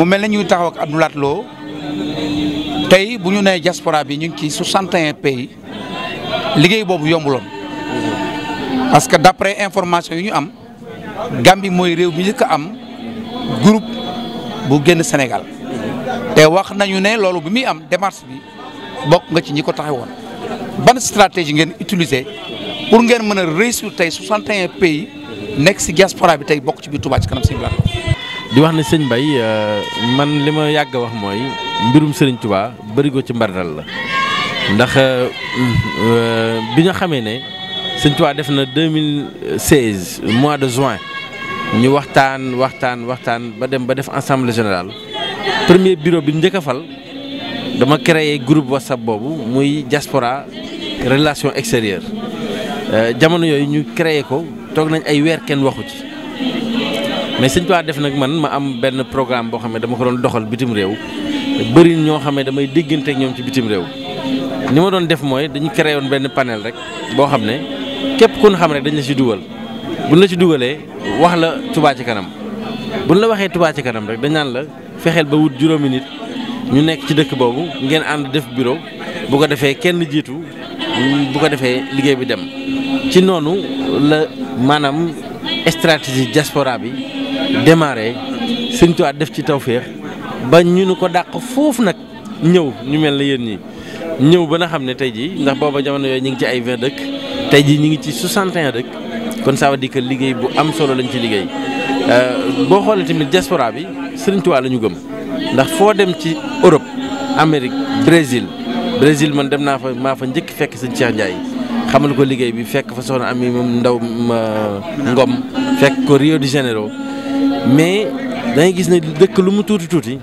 mu mel ne ñuy taxaw ak Abdoulaye Lo tey bu ñu nee diaspora bi ñu ngi ci 61 pays liggéey boobu yombuloon parce que d'après information yi ñu am Gambie mooy réew mi njëkk a am groupe bu génn Sénégal te wax nañu ne loolu bi muy am démarche bi bokk nga ci ñi ko taxawoon ban stratégie ngeen utiliser pour ngeen mën a réussir tey 61 pays nekk si diaspora bi tey bokk ci biir Touba ci kanam si biir di wax na sëñ Mbaye euh, man li ma yàgg wax mooy mbirum sëriñ Touba bërigo ci mbaridal la ndax euh, euh, bi nga xamee ne sëñ Touba def na 2016 mois de juin ñu waxtaan waxtaan waxtaan ba dem ba def assemblée général premier bureau bi njëkk a fal dama créer groupe whatsapp boobu muy diaspora relation extérieure jamono yooyu ñu créer ko toog nañ ay weer kenn waxu ci. mais sëñ Tuubaa def nag man ma am benn programme boo xam ne dama ko doon doxal bitim réew bëri ñoo xam ne damay déggante ñoom ci bitim réew ni ma doon def mooy dañu créé woon benn panel rek boo xam ne képp ku ñu xam rek dañ la ci dugal buñ la ci dugalee wax la tubaa ci kanam bu buñ la waxee tubaa ci kanam rek dañ naan la fexeel ba wut juróomi nit ñu nekk ci dëkk boobu ngeen ànd def bureau bu ko defee kenn jiitu bu ko defee liggéey bi dem ci noonu la maanaam stratégie diaspora bi. démarré sëñ Tuubaa def ci tawféex ba ñu nu ko dàq foofu nag ñëw ñu mel na yéen ñi ñëw ba na xam ne tey jii ndax booba jamono yooyu ñu ngi ci ay vingt dëkk tey jii ñu ngi ci 61 dëkk kon ça veut dire liggéey bu am solo lañ ci liggéey euh, boo xoolee tamit diaspora bi Sëriñ Tuubaa la ñu gëm ndax foo dem ci Europe Amérique Brésil Brésil man dem naa fa maa fa njëkk fekk sëñ ceex Ndiaye xamal ko liggéey bi fekk fa soxna Ami moom ndaw Ngom fekk ko Rio de Janeiro mais dangay gis ne dëkk lu mu tuuti tuuti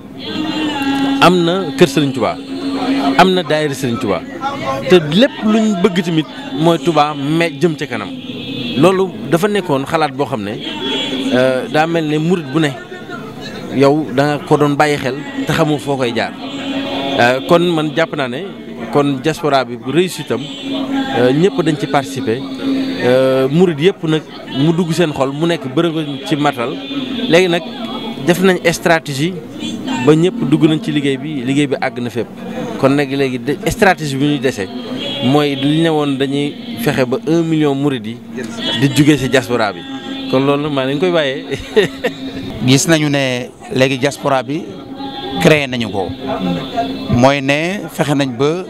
am na kër Serigne Touba am na daayira Serigne Touba te lépp luñ bëgg tamit mooy Touba mais jëm ca kanam loolu dafa nekkoon xalaat boo xam ne euh, daa mel ne murit bu ne yow da ko doon bàyyi xel te xamu foo koy jaar euh, kon man jàpp naa ne kon diaspora bi bu réussite am euh, dañ ci participer Euh, murid yëpp nag mu dugg seen xol mu nekk bërëngo ci matal léegi nag def nañ stratégie ba ñëpp dugg nañ ci liggéey bi liggéey bi àgg na fépp kon nag léegi stratégie bi ñuy desee mooy li ne woon dañuy fexe ba un million murid yi di juge si diaspora bi kon loolu maa nañ koy bàyyee gis nañu ne léegi diaspora bi créé nañu ko mooy ne fexe nañ ba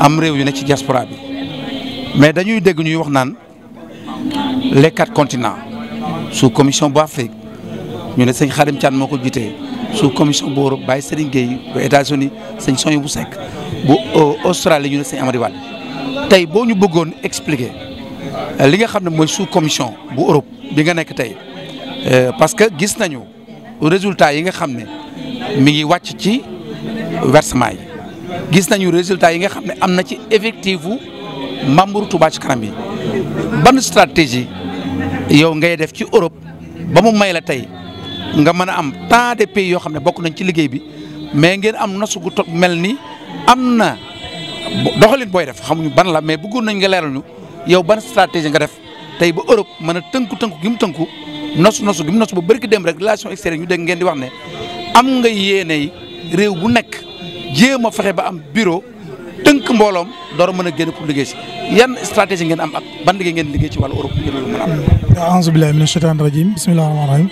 am réew yu ne ci diaspora bi mais dañuy dégg ñuy wax naan les quatre continents sous commission bu Afrique ñu ne sëñ Xadim Thiam moo ko jiitee sous commission bu Europe Baye Serigne Gueye bu États-Unis sëñ Sonia bu Seck bu euh, Australie ñu ne sëñ Amady tey boo ñu bëggoon expliquer euh, li nga xam ne mooy sous commission bu Europe bi nga nekk tey euh, parce que gis nañu résultat yi nga xam ne mi ngi wàcc ci versement yi gis nañu résultat yi nga xam ne am na ci effectif membre Touba ci kanam yi ban stratégie yow ngay def ci Europe ba mu may la tey nga mën a am tant de pays yoo xam ne bokk nañ ci liggéey bi mais ngeen am nasu gu toog mel ni am na doxalin booy def xamuñu ban la mais bëggoon nañ nga leeral ñu yow ban stratégie nga def tey ba Europe mën a tënku tënku gi mu tënku nosu nosu gi mu nosu ba bëri ki dem rek relation ñu dégg ngeen di wax ne am nga yéeney réew bu nekk jéem a fexe ba am bureau. tënk mbooloom door a mën a génn pour liggéey ci yan stratégie ngeen am ak ban liggéey ngeen liggéey ci wàllu Europe ngir lu mën a am. auzu billaahi mina shaytaani rajiim bismillaahi rahmaani rahiim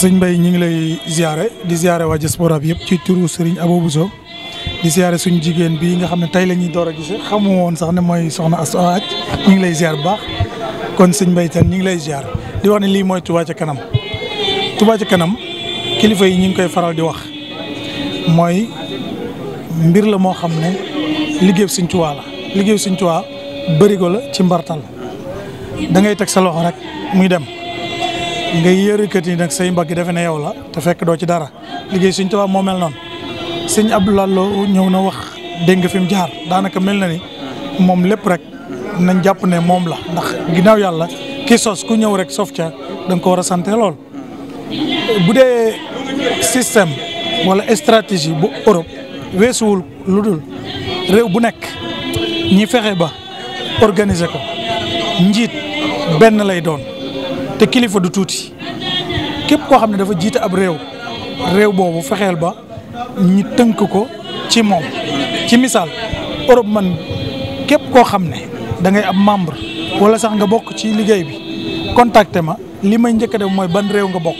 sëñ Mbaye ñu ngi lay ziare di ziare waaj diaspora bi yëpp ci turu Serigne bu so di ziare suñu jigéen bi nga xam ne tey la ñuy door a gisee xamu woon sax ne mooy soxna Astou Awath ñu ngi lay ziar bu baax kon sëñ Mbaye ñu ngi lay ziar di wax ne lii mooy Touba ca kanam Touba ca kanam kilifa yi ñu ngi koy faral di wax mbir la moo xam ne liggéey Sëñ Tuubaa la liggéey Sëñ Tuubaa bërigo la ci mbartal dangay teg sa loxo rek muy dem ngay yërëkat yi nag say mbagg defe ne yow la te fekk doo ci dara liggéey Sëñ Tuubaa moo mel noonu sëñ Abdoulaye loo ñëw na wax dégg nga fi mu jaar daanaka mel na ni moom lépp rek na jàpp ne moom la ndax ginnaaw yàlla ki sos ku ñëw rek sof ca da ko war a sante lool bu dee système wala stratégie bu Europe weesuwul lu dul réew bu nekk ñi fexe ba organiser ko njiit benn lay doon te kilifa du tuuti képp koo xam ne dafa jiite ab réew réew boobu fexeel ba ñi tënk ko ci moom ci misaal Europe man képp koo xam ne dangay ngay ab membre wala sax nga bokk ci liggéey bi contacté ma li may njëkk a def mooy ban réew nga bokk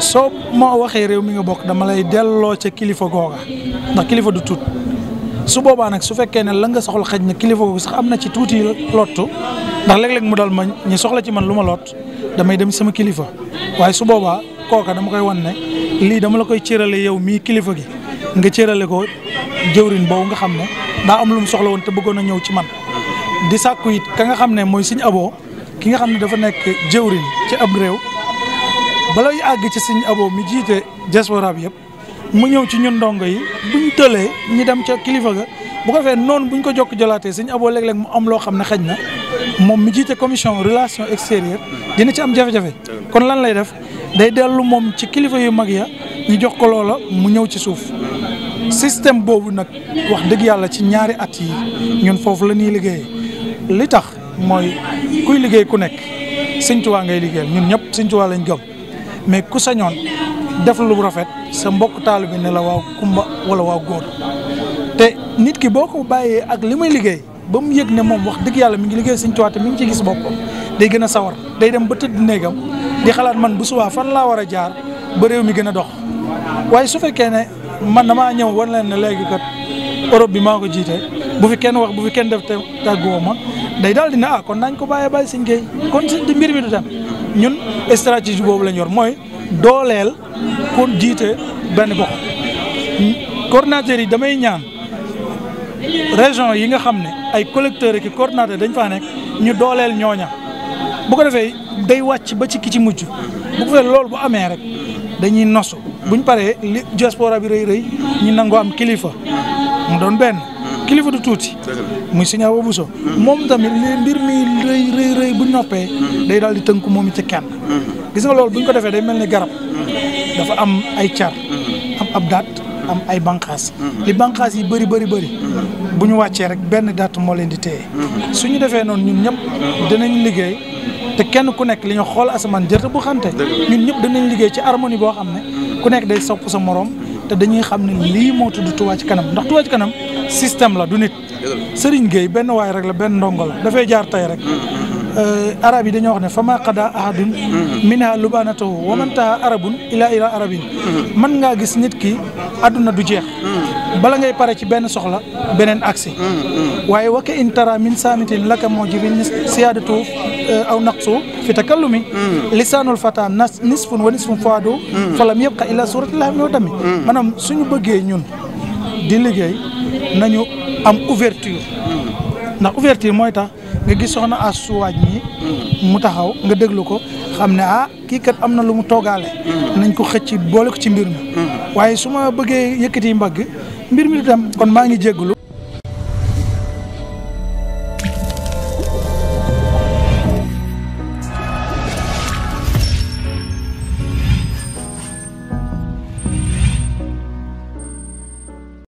soo ma waxee réew mi nga bokk dama lay delloo ca kilifa googa ndax kilifa du tuut su boobaa nag su fekkee ne la nga soxla xaj na kilifa googu sax am na ci tuuti lottu ndax léeg-léeg mu dal ma ñi soxla ci man lu ma lot damay dem sama kilifa waaye su boobaa kooka dama koy wan ne lii dama la koy cërale yow mii kilifa gi nga cërale ko jëwrin boobu nga xam ne daa am lu mu soxla woon te bëggoon a ñëw ci man di sàkku it ka nga xam ne mooy suñu aboo ki nga xam ne dafa nekk jëwrin ci ab réew bala ñu àgg ci sëñ aboo mi jiite diaspora bi yëpp mu ñëw ci ñun ndongo yi buñ tëlee ñu dem ca kilifa ga bu ko fee noonu buñ ko jokk jolaatee sëñ Abo léeg-léeg mu am loo xam ne xaj na moom mi jiite commission relation extérieure dina ci am jafe-jafe kon lan lay def day dellu moom ci kilifa yu mag ya ñu jox ko loola mu ñëw ci suuf système boobu nag wax dëgg yàlla ci ñaari at yi ñun foofu la ñuy liggéeyee li tax mooy kuy liggéey ku nekk sëñ Tuubaa ngay liggéeyal ñëpp sëñ Tuubaa lañ mais ku sañoon def lu rafet sa mbokk taalu bi ne la waaw kumba wala waaw góor te nit ki boo ko bàyyee ak li muy liggéey ba mu yëg ne moom wax dëgg yàlla mi ngi liggéey Sëñ Tuubaa te ngi ci gis boppam day gën a sawar day dem ba tëdd néegam di xalaat man bu subaa fan laa war a jaar ba réew mi gën a dox waaye su fekkee ne man damaa ñëw wan leen ne léegi kat Europe bi maa ko jiite bu fi kenn wax bu fi kenn def te tàgguwoo ma day dal di ne ah kon nañ ko bàyyee bàyyi Sëñ Géey kon mbir mi du ñun stratégie boobu la ñu yor mooy dooleel pour jiite benn gox coordinateurs yi damay ñaan région yi nga xam ne ay collecteurs ak coordinateurs dañ faa nekk ñu dooleel ñoo ñax bu ko defee day wàcc ba ci ki ci mujj bu ko defee loolu bu amee rek dañuy nosu buñ paree li diaspora bi rëy rëy ñu nangu am kilifa mu doon benn kilifa du tuuti. muy sëñ Awa Bousso. moom tamit li mbir mi rëy rëy bu noppee. day daal di tënk moom ci kenn. gis nga loolu bu ñu ko defee day mel ni garab. dafa am ay car. am ab daat am ay banqaas. li banqaas yi bëri bëri bëri. bu ñu wàccee rek benn daat moo leen di téye. su ñu defee noonu ñun ñëpp dinañ liggéey. te kenn ku nekk li ñu xool asamaan jërte bu xante ñun ñëpp danañ liggéey ci harmonie boo xam ne ku nekk day sopp sa moroom te dañuy xam ne lii moo tudd Touba ci kanam ndax Touba ci kanam système la du nit. Serigne Gueye benn waay rek la benn ndongo la dafay jaar tey rek. Euh, arab yi dañoo wax ne fa maa qada ahadun minha lubanatahu wa man taha arabun ila ila arabin man ngaa gis nit ki àdduna du jeex bala ngay pare ci benn soxla beneen aksi waaye waka in tara min saamitin moo mujibin siyaadatu euh, aw naqsu fi takallumi lisaanul fata nas nisfun wa nisfun faadu falam yabqa illa suratillahi min wa dami maanaam suñu bëggee ñun di liggéey nañu am ouverture ndax ouverture mooy tax nga gis soxna asuwaaj mi mu taxaw nga déglu ko xam ne ah kii kat am na lu mu toogaale nañ ko xëcc boole ko ci mbir mi mm-hmm. waaye su ma bëggee yëkkati mbagg mbir mi itam kon maa ngi jégglu